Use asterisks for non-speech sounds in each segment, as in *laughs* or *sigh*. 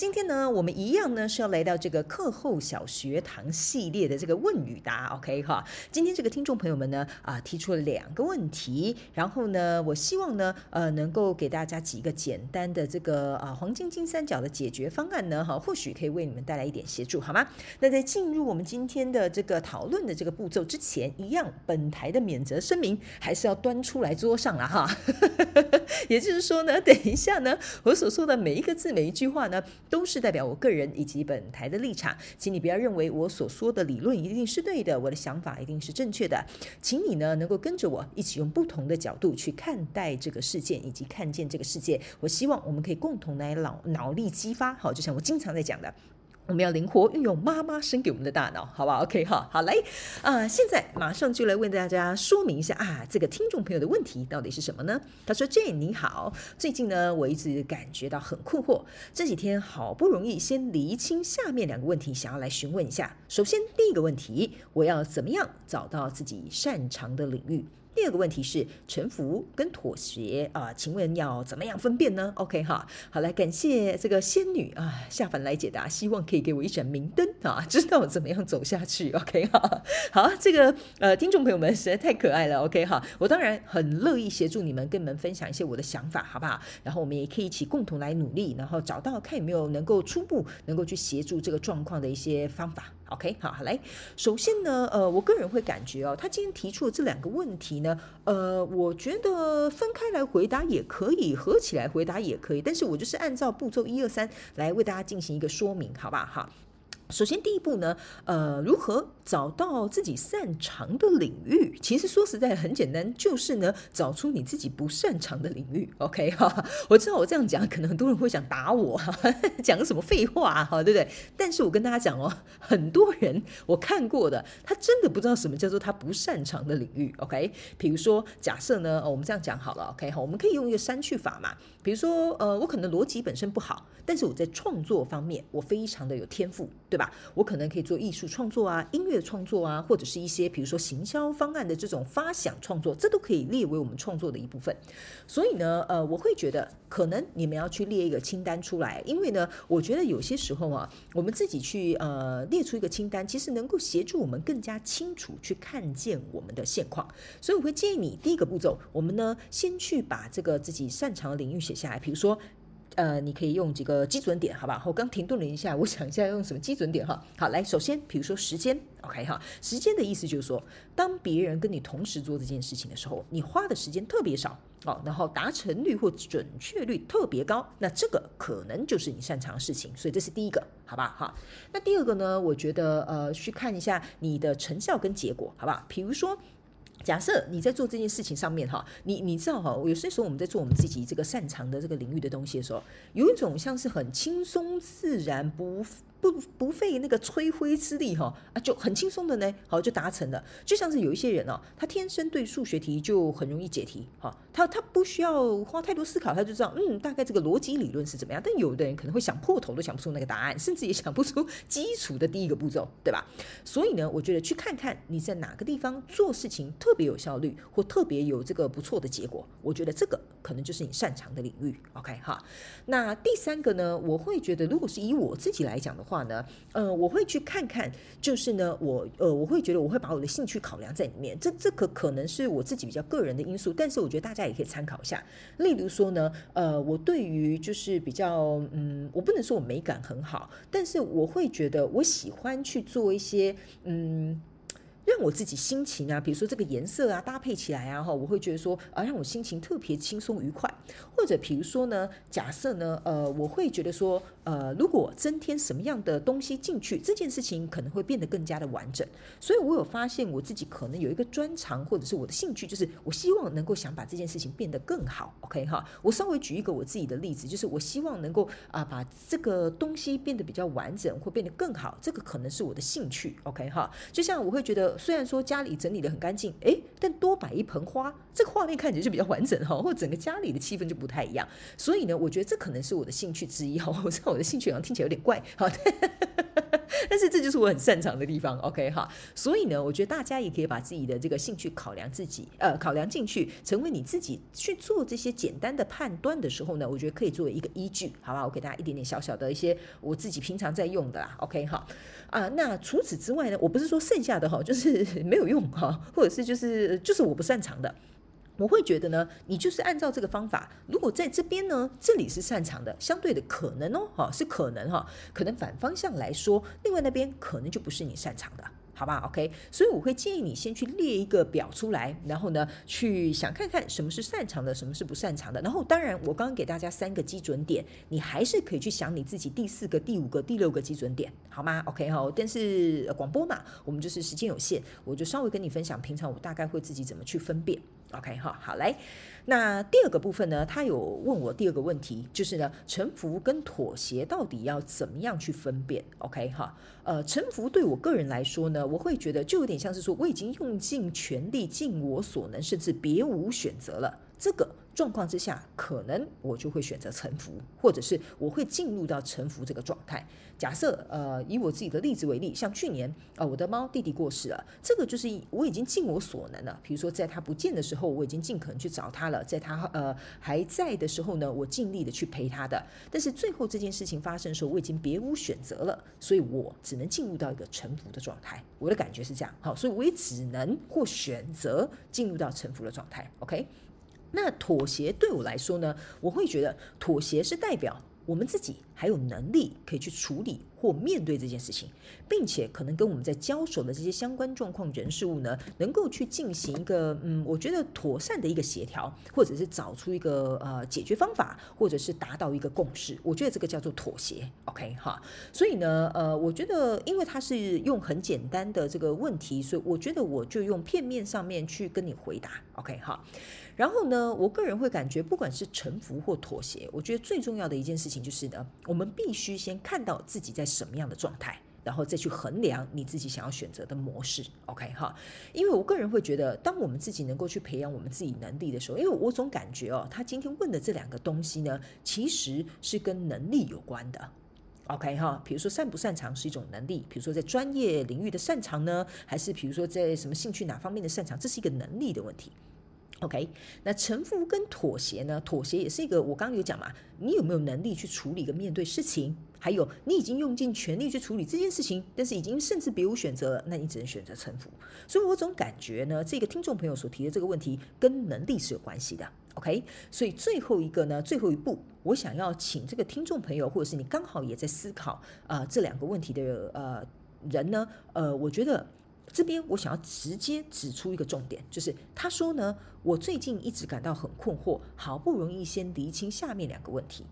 今天呢，我們一樣呢是要來到這個課後小學堂系列的這個問與答，OK 哈。今天這個聽眾朋友們呢，啊提出了兩個問題，然後呢，我希望呢，呃，能夠給大家幾個簡單的這個啊黃金金三角的解決方案呢，哈，或許可以為你們帶來一點協助，好嗎？那在進入我們今天的這個討論的這個步驟之前，一樣，本台的免責聲明還是要端出來桌上了哈。 *laughs* 也就是說呢，等一下呢，我所說的每一個字，每一句話呢，都是代表我個人以及本台的立場，請你不要認為我所說的理論一定是對的，我的想法一定是正確的。請你呢能夠跟着我一起用不同的角度去看待這個事件以及看見這個世界。我希望我們可以共同來腦腦力激發，好，就像我經常在講的。我們要靈活運用媽媽生給我們的大腦，好不、okay, 好？OK，哈，好來啊！現在馬上就來為大家說明一下啊，這個聽眾朋友的問題到底是什麼呢？他說：「Jhen，你好，最近呢，我一直感覺到很困惑，這幾天好不容易先釐清下面兩個問題，想要來詢問一下。首先第一個問題，我要怎麼樣找到自己擅長的領域？”第二個問題是臣服跟妥協啊，呃，請問要怎麼樣分辨呢？OK 哈。好，來，感謝這個仙女啊下凡，來解答，希望可以給我一盞明燈啊，知道我怎麼樣走下去。OK 哈。好，這個呃聽眾朋友們實在太可愛了。OK 哈。我當然很樂意協助你們，跟你們分享一些我的想法，好不好？然後我們也可以一起共同來努力，然後找到看有沒有能夠初步能夠去協助這個狀況的一些方法。OK，好，好，來，首先呢，呃，我個人會感覺哦，他今天提出的這兩個問題呢，呃，我覺得分開來回答也可以，合起來回答也可以，但是我就是按照步驟一二三來為大家進行一個說明，好不好？哈。首先，第一步呢，呃，如何找到自己擅長的領域？其實說實在很簡單，就是呢，找出你自己不擅長的領域。OK 哈，我知道我這樣講，可能很多人會想打我，哈，講什麼廢話哈，對不對？但是我跟大家講哦，很多人我看過的，他真的不知道什麼叫做他不擅長的領域。OK，比如說，假設呢，我們這樣講好了，OK 哈，我們可以用一個刪去法嘛。比如說，呃，我可能邏輯本身不好，但是我在創作方面，我非常的有天賦。對吧？我可能可以做藝術創作啊，音樂創作啊，或者是一些比如說行銷方案的這種發想創作，這都可以列為我們創作的一部分。所以呢，呃，我會覺得可能你們要去列一個清單出來，因為呢，我覺得有些時候啊，我們自己去呃列出一個清單，其實能夠協助我們更加清楚去看見我們的現況。所以我會建議你第一個步驟，我們呢先去把這個自己擅長的領域寫下來，比如說。呃，你可以用幾個基準點，好吧？我剛停頓了一下，我想一下用什麼基準點哈。好，來，首先比如說時間，OK 哈，時間的意思就是說，當別人跟你同時做這件事情的時候，你花的時間特別少，哦，然後達成率或準確率特別高，那這個可能就是你擅長的事情，所以這是第一個，好吧？哈，那第二個呢？我覺得呃，去看一下你的成效跟結果，好吧，比如說。假設你在做這件事情上面哈，你你知道哈，有些時候我們在做我們自己這個擅長的這個領域的東西的時候，有一種像是很輕鬆自然不……不不費那個吹灰之力哈、哦、啊就很輕鬆的呢，好就達成了，就像是有一些人哦，他天生對數學題就很容易解題哈、哦，他他不需要花太多思考，他就知道嗯大概這個邏輯理論是怎麼樣。但有的人可能會想破頭都想不出那個答案，甚至也想不出基礎的第一個步驟，對吧？所以呢，我覺得去看看你在哪個地方做事情特別有效率或特別有這個不錯的結果，我覺得這個可能就是你擅長的領域。OK 哈、哦，那第三個呢，我會覺得如果是以我自己來講的話。話呢，呃，我會去看看，就是呢，我呃，我會覺得我會把我的興趣考量在裡面，這這個可，可能是我自己比較個人的因素，但是我覺得大家也可以參考一下。例如說呢，呃，我對於就是比較，嗯，我不能說我美感很好，但是我會覺得我喜歡去做一些，嗯。讓我自己心情啊，比如說這個顏色啊搭配起來啊哈，我會覺得說啊，讓我心情特別輕鬆愉快。或者比如說呢，假設呢，呃，我會覺得說，呃，如果增添什麼樣的東西進去，這件事情可能會變得更加的完整。所以我有發現我自己可能有一個專長，或者是我的興趣，就是我希望能夠想把這件事情變得更好。OK 哈，我稍微舉一個我自己的例子，就是我希望能夠啊，把這個東西變得比較完整，或變得更好。這個可能是我的興趣。OK 哈，就像我會覺得。雖然說家裡整理得很乾淨，哎、欸，但多擺一盆花，這個畫面看起來就比較完整哈、喔，或整個家裡的氣氛，就不太一樣。所以呢，我覺得這可能是我的興趣之一哈、喔。我知道我的興趣好像聽起來有點怪，好。對，但是這就是我很擅長的地方，OK 哈，所以呢，我覺得大家也可以把自己的這個興趣考量，自己，呃，考量進去，成為你自己去做這些簡單的判斷的時候呢，我覺得可以作為一個依據，好吧？我給大家一點點小小的一些我自己平常在用的啦，OK 哈啊、呃，那除此之外呢，我不是說剩下的哈就是沒有用哈，或者是就是就是我不擅長的。我會覺得呢，你就是按照這個方法，如果在這邊呢，這裡是擅長的，相對的可能哦，哈，是可能哈、哦，可能反方向來說，另外那邊可能就不是你擅長的，好吧？OK，所以我會建議你先去列一個表出來，然後呢，去想看看什麼是擅長的，什麼是不擅長的。然後，當然，我剛剛給大家三個基準點，你還是可以去想你自己第四個、第五個、第六個基準點，好嗎？OK 哈，但是、呃、廣播嘛，我們就是時間有限，我就稍微跟你分享，平常我大概會自己怎麼去分辨。OK，哈，好嘞。那第二個部分呢，他有問我第二個問題，就是呢，臣服跟妥協到底要怎麼樣去分辨？OK 哈，呃，臣服對我個人來說呢，我會覺得就有點像是說我已經用盡全力，盡我所能，甚至別無選擇了，這個狀況之下，可能我就會選擇臣服，或者是我會進入到臣服這個狀態。假設呃，以我自己的例子為例，像去年呃，我的貓弟弟過世了，這個就是我已經盡我所能了。比如說在它不見的時候，我已經盡可能去找它。在他呃還在的時候呢，我盡力的去陪他的。但是最後這件事情發生的時候，我已經別無選擇了，所以我只能進入到一個臣服的狀態。我的感覺是這樣，好，所以我也只能或選擇進入到臣服的狀態。OK，那妥協對我來說呢，我會覺得妥協是代表。我們自己還有能力可以去處理或面對這件事情，並且可能跟我們在交手的這些相關狀況人事物呢，能夠去進行一個嗯，我覺得妥善的一個協調，或者是找出一個呃解決方法，或者是達到一個共識。我覺得這個叫做妥協。OK 哈，所以呢，呃，我覺得因為他是用很簡單的這個問題，所以我覺得我就用片面上面去跟你回答。OK 哈。然後呢，我個人會感覺，不管是臣服或妥協，我覺得最重要的一件事情就是呢，我們必須先看到自己在什麼樣的狀態，然後再去衡量你自己想要選擇的模式。OK 哈，因為我個人會覺得，當我們自己能夠去培養我們自己能力的時候，因為我總感覺哦，他今天問的這兩個東西呢，其實是跟能力有關的。OK 哈，比如說擅不擅長是一種能力，比如說在專業領域的擅長呢，還是比如說在什麼興趣哪方面的擅長，這是一個能力的問題。OK，那臣服跟妥協呢？妥協也是一個，我剛剛有講嘛，你有沒有能力去處理跟面對事情？還有，你已經用盡全力去處理這件事情，但是已經甚至別無選擇了，那你只能選擇臣服。所以我總感覺呢，這個聽眾朋友所提的這個問題跟能力是有關係的。OK，所以最後一個呢，最後一步，我想要請這個聽眾朋友，或者是你剛好也在思考啊，呃，這兩個問題的呃人呢，呃，我覺得。這邊我想要直接指出一個重點，就是他說呢，我最近一直感到很困惑，好不容易先釐清下面兩個問題。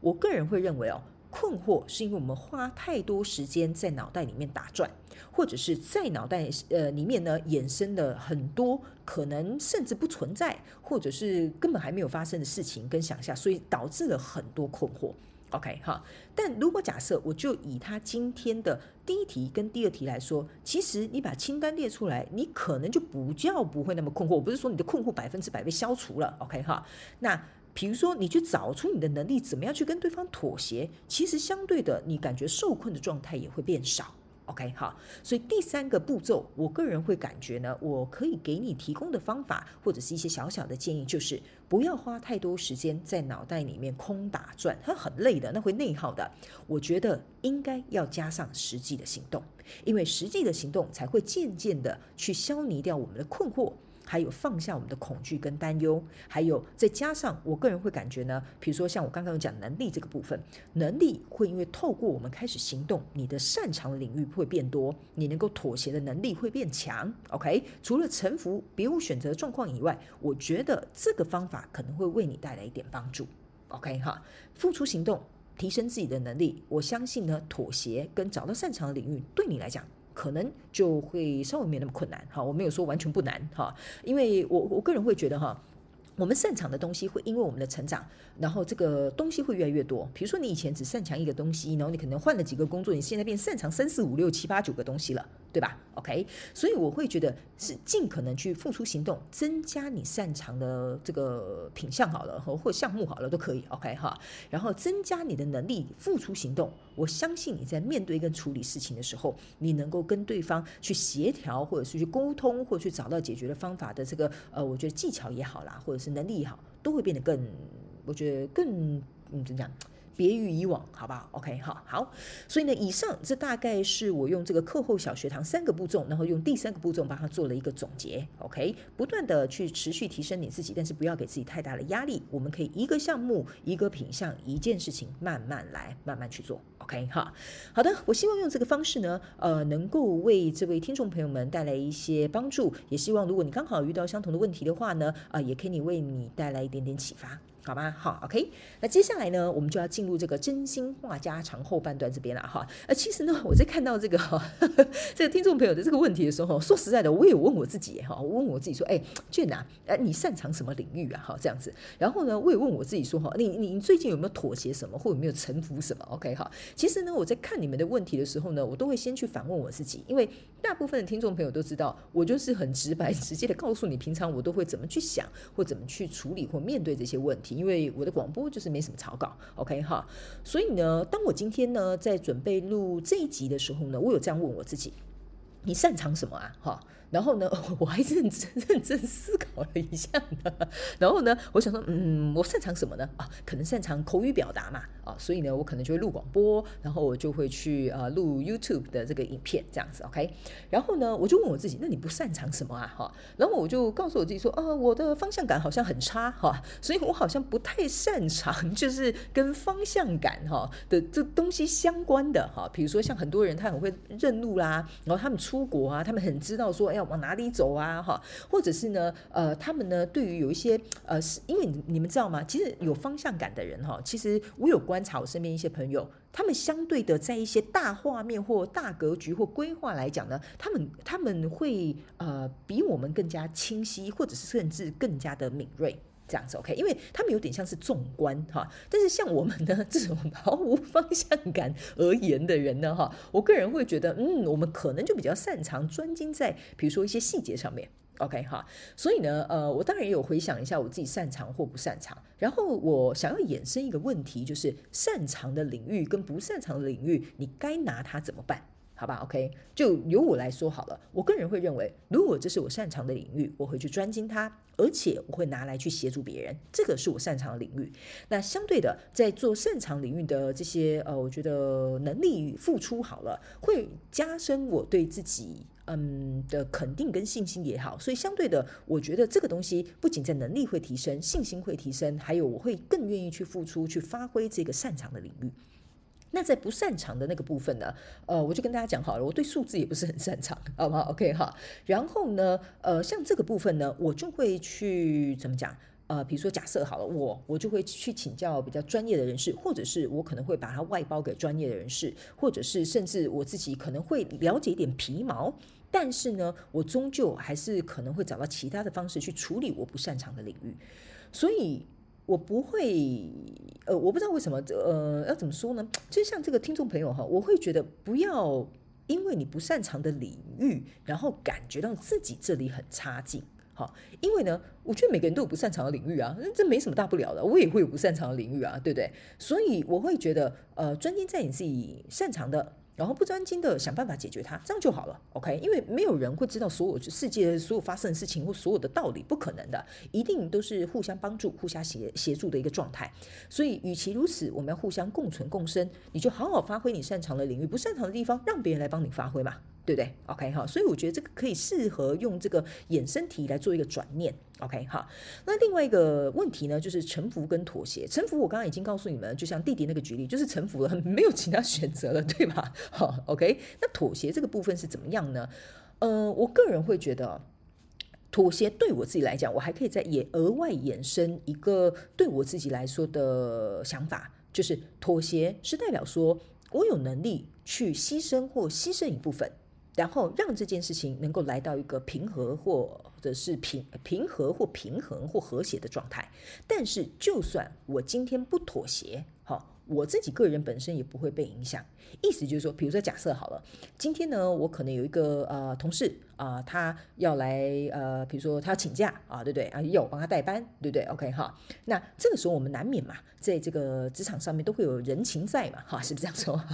我個人會認為哦，困惑是因為我們花太多時間在腦袋裡面打轉，或者是在腦袋呃裡面呢衍生了很多可能甚至不存在，或者是根本還沒有發生的事情跟想象，所以導致了很多困惑。OK 哈，但如果假設我就以他今天的第一題跟第二題來說，其實你把清單列出來，你可能就不叫不會那麼困惑。我不是說你的困惑百分之百被消除了，OK 哈。那比如說你去找出你的能力，怎麼樣去跟對方妥協，其實相對的你感覺受困的狀態也會變少。OK，好，所以第三個步驟，我個人會感覺呢，我可以給你提供的方法或者是一些小小的建議，就是不要花太多時間在腦袋裡面空打轉，它很累的，那會內耗的。我覺得應該要加上實際的行動，因為實際的行動才會漸漸的去消弭掉我們的困惑。還有放下我們的恐懼跟擔憂，還有再加上我個人會感覺呢，比如說像我剛剛有講能力這個部分，能力會因為透過我們開始行動，你的擅長的領域會變多，你能夠妥協的能力會變強。OK，除了臣服別無選擇的狀況以外，我覺得這個方法可能會為你帶來一點幫助。OK 哈，付出行動，提升自己的能力，我相信呢，妥協跟找到擅長的領域對你來講。可能就會稍微沒那麼困難，哈，我沒有說完全不難，哈，因為我我個人會覺得，哈，我們擅長的東西會因為我們的成長，然後這個東西會越來越多。比如說，你以前只擅長一個東西，然後你可能換了幾個工作，你現在變擅長三四五六七八九個東西了。對吧？OK，所以我會覺得是盡可能去付出行動，增加你擅長的這個品項好了，或項目好了都可以，OK 哈。然後增加你的能力，付出行動，我相信你在面對跟處理事情的時候，你能夠跟對方去協調，或者是去溝通，或去找到解決的方法的這個呃，我覺得技巧也好啦，或者是能力也好，都會變得更，我覺得更，嗯，怎麼講？別於以往，好不好？OK，好好。所以呢，以上這大概是我用這個課後小學堂三個步驟，然後用第三個步驟幫他做了一個總結。OK，不斷地去持續提升你自己，但是不要給自己太大的壓力。我們可以一個項目、一個品項、一件事情慢慢來，慢慢去做。OK，哈，好的。我希望用這個方式呢，呃，能夠為這位聽眾朋友們帶來一些幫助。也希望如果你剛好遇到相同的問題的話呢，呃，也可以為你帶來一點點啟發。好嗎？好，OK。那接下來呢，我們就要進入這個真心話家常後半段這邊了哈。呃，其實呢，我在看到這個這個聽眾朋友的這個問題的時候，說實在的，我也有問我自己哈，我問我自己說，哎、欸，俊吶，哎，你擅長什麼領域啊？哈，這樣子。然後呢，我也問我自己說，哈，你你你最近有沒有妥協什麼，或有沒有臣服什麼？OK，哈。其實呢，我在看你們的問題的時候呢，我都會先去反問我自己，因為大部分的聽眾朋友都知道，我就是很直白、直接的告訴你，平常我都會怎麼去想，或怎麼去處理，或面對這些問題。因為我的廣播就是沒什麼草稿，OK 哈，所以呢，當我今天呢在準備錄這一集的時候呢，我有這樣問我自己：你擅長什麼啊？哈，然後呢，我還是認真認真思考了一下呢，然後呢，我想說，嗯，我擅長什麼呢？啊，可能擅長口語表達嘛。啊，所以呢，我可能就會錄廣播，然後我就會去啊、呃、錄 YouTube 的這個影片這樣子，OK。然後呢，我就問我自己，那你不擅長什麼啊？哈，然後我就告訴我自己說，啊、呃，我的方向感好像很差哈、啊，所以我好像不太擅長就是跟方向感哈、啊、的這東西相關的哈、啊。比如說像很多人他很會認路啦、啊，然後他們出國啊，他們很知道說哎，要往哪裡走啊，哈、啊，或者是呢，呃，他們呢對於有一些呃，是因為你們知道嗎？其實有方向感的人哈、啊，其實我有關。觀察我身邊一些朋友，他們相對的在一些大畫面或大格局或規劃來講呢，他們他們會呃比我們更加清晰，或者是甚至更加的敏銳，這樣子 OK，因為他們有點像是縱觀哈，但是像我們呢這種毫無方向感而言的人呢哈，我個人會覺得嗯，我們可能就比較擅長專精在比如說一些細節上面。OK 哈，所以呢，呃，我當然也有回想一下我自己擅長或不擅長，然後我想要衍生一個問題，就是擅長的領域跟不擅長的領域，你該拿它怎麼辦？好吧，OK，就由我來說好了。我個人會認為，如果這是我擅長的領域，我會去專精它，而且我會拿來去協助別人。這個是我擅長的領域。那相對的，在做擅長領域的這些呃，我覺得能力與付出好了，會加深我對自己嗯的肯定跟信心也好。所以相對的，我覺得這個東西不僅在能力會提升，信心會提升，還有我會更願意去付出去發揮這個擅長的領域。那在不擅長的那個部分呢？呃，我就跟大家講好了，我對數字也不是很擅長，好不好？OK 哈。然後呢，呃，像這個部分呢，我就會去怎麼講？呃，比如說假設好了，我我就會去請教比較專業的人士，或者是我可能會把它外包給專業的人士，或者是甚至我自己可能會了解一點皮毛，但是呢，我終究還是可能會找到其他的方式去處理我不擅長的領域，所以。我不會，呃，我不知道為什麼，呃，要怎麼說呢？就像這個聽眾朋友哈，我會覺得不要因為你不擅長的領域，然後感覺到自己這裡很差勁，哈，因為呢，我覺得每個人都有不擅長的領域啊，這沒什麼大不了的，我也會有不擅長的領域啊，對不對？所以我會覺得，呃，專心在你自己擅長的。然後不專心的想辦法解決它，這樣就好了。OK，因為沒有人會知道所有世界所有發生的事情或所有的道理，不可能的，一定都是互相幫助、互相協協助的一個狀態。所以，與其如此，我們要互相共存共生。你就好好發揮你擅長的領域，不擅長的地方讓別人來幫你發揮嘛。對不對？OK 哈，所以我覺得這個可以適合用這個衍生題來做一個轉念。OK 哈，那另外一個問題呢，就是臣服跟妥協。臣服我剛剛已經告訴你們，就像弟弟那個舉例，就是臣服了，沒有其他選擇了，對吧？好，OK。那妥協這個部分是怎麼樣呢？呃，我個人會覺得，妥協對我自己來講，我還可以再也額外衍生一個對我自己來說的想法，就是妥協是代表說我有能力去犧牲或犧牲一部分。然後讓這件事情能夠來到一個平和，或者是平平和或平衡或和諧的狀態。但是，就算我今天不妥協，好，我自己個人本身也不會被影響。意思就是說，比如說假設好了，今天呢，我可能有一個呃同事。啊、呃，他要來呃，比如說他要請假啊，對不對啊？要我幫他代班，對不對？OK 哈，那這個時候我們難免嘛，在這個職場上面都會有人情在嘛，哈，是不是這樣說？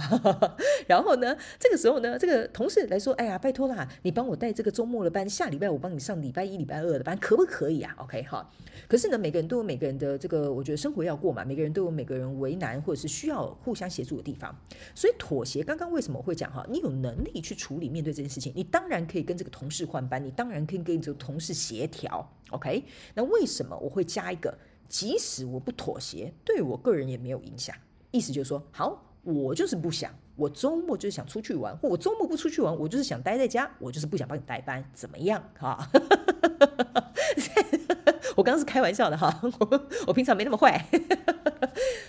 *laughs* 然後呢，這個時候呢，這個同事來說，哎呀，拜託啦，你幫我帶這個週末的班，下禮拜我幫你上禮拜一、禮拜二的班，可不可以啊？OK 哈。可是呢，每個人都有每個人的這個，我覺得生活要過嘛，每個人都有每個人為難或者是需要互相協助的地方，所以妥協。剛剛為什麼我會講哈？你有能力去處理面對這件事情，你當然可以跟這個。同事換班，你當然可以跟你同事協調，OK？那為什麼我會加一個？即使我不妥協，對我個人也沒有影響。意思就是說，好，我就是不想，我週末就是想出去玩，或我週末不出去玩，我就是想待在家，我就是不想幫你代班，怎麼樣？哈、啊， *laughs* 我剛剛是開玩笑的哈， *laughs* 我平常沒那麼壞。 *laughs*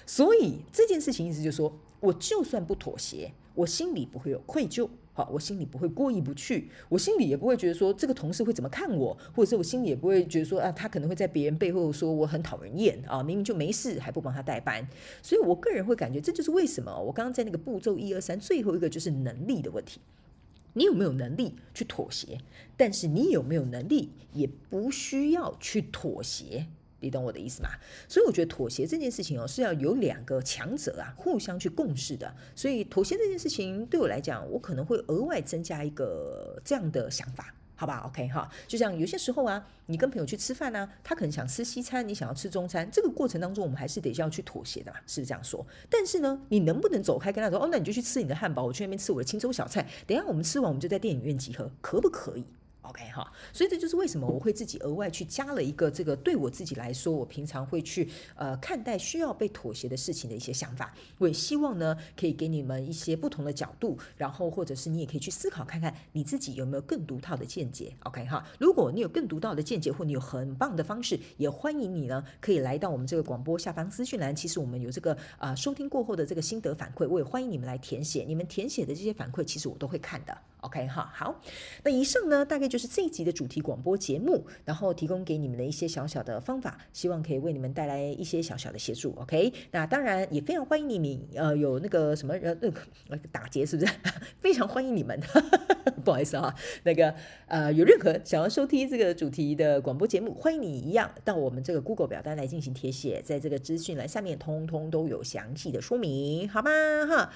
所以這件事情意思就是說，我就算不妥協，我心裡不會有愧疚。好，我心裡不會過意不去，我心裡也不會覺得說，這個同事會怎麼看我，或者是我心裡也不會覺得說啊，他可能會在別人背後說我很討人厭啊，明明就沒事還不幫他代班，所以我個人會感覺，這就是為什麼我剛剛在那個步驟一二三最後一個就是能力的問題，你有沒有能力去妥協？但是你有沒有能力也不需要去妥協。你懂我的意思嗎？所以我覺得妥協這件事情哦，是要有兩個強者啊，互相去共事的。所以妥協這件事情對我來講，我可能會額外增加一個這樣的想法，好吧？OK 哈，就像有些時候啊，你跟朋友去吃飯呢、啊，他可能想吃西餐，你想要吃中餐，這個過程當中我們還是得先要去妥協的嘛，是不是這樣說？但是呢，你能不能走開，跟他說哦，那你就去吃你的漢堡，我去那邊吃我的清粥小菜，等一下我們吃完，我們就在電影院集合，可不可以？OK 哈，所以這就是為什麼我會自己額外去加了一個這個對我自己來說，我平常會去呃看待需要被妥協的事情的一些想法。我也希望呢，可以給你們一些不同的角度，然後或者是你也可以去思考看看你自己有沒有更獨到的見解。OK 哈，如果你有更獨到的見解，或你有很棒的方式，也歡迎你呢可以來到我們這個廣播下方資訊欄。其實我們有這個啊呃收聽過後的這個心得反饋，我也歡迎你們來填寫。你們填寫的這些反饋，其實我都會看的。OK 哈好，那以上呢大概就是這一集的主題廣播節目，然後提供給你們的一些小小的方法，希望可以為你們帶來一些小小的協助。OK，那當然也非常歡迎你們，呃，有那個什麼人、呃，打劫是不是？非常歡迎你們，呵呵不好意思啊，那個呃，有任何想要收聽這個主題的廣播節目，歡迎你一樣到我們這個 Google 表單來進行填寫，在這個資訊欄下面，通通都有詳細的說明，好嗎？哈。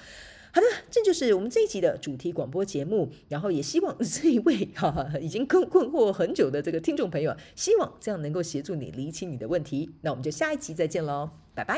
好的，這就是我們這一集的主題廣播節目。然後也希望這一位哈哈，已經困困惑很久的這個聽眾朋友，希望這樣能夠協助你理清你的問題。那我們就下一集再見嘍，拜拜。